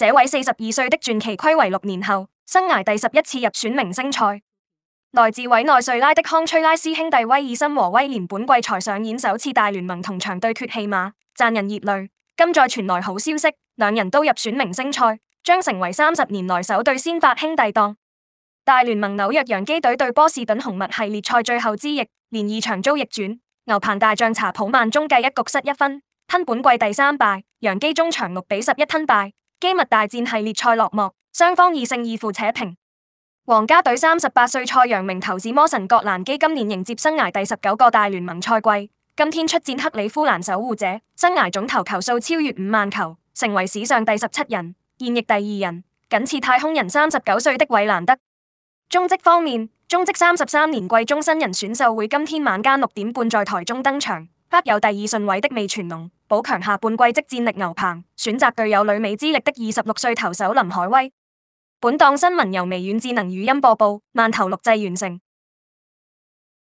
這位四十二歲的傳奇，暌違六年後，生涯第十一次入選明星賽。來自委內瑞拉的康崔拉斯兄弟威爾森和威廉，本季才上演首次大聯盟同場對決戲碼，賺人熱淚。今再傳來好消息，兩人都入選明星賽，將成為三十年來首對先發兄弟檔。大聯盟紐約洋基隊對波士頓紅襪系列賽最後之役，連二場遭逆轉，牛棚大將查普曼中繼一局失一分，吞本季第三敗，洋基中場六比十一吞敗。機密大戰系列賽落幕，雙方二勝二負扯平。皇家隊三十八歲，賽揚名投士魔神葛蘭基今年迎接生涯第十九個大聯盟賽季，今天出戰克里夫蘭守護者，生涯總投球數超越五萬球，成為史上第十七人，現役第二人，僅次太空人三十九歲的韋蘭德。中職方面，中職三十三年季中新人選秀會今天晚間六點半在台中登場。不有第二順位的味全龍，補強下半季即戰力。牛棚選擇具有旅美資歷的二十六歲投手林凱威。本檔新聞由微軟智能語音播報，慢頭錄製完成。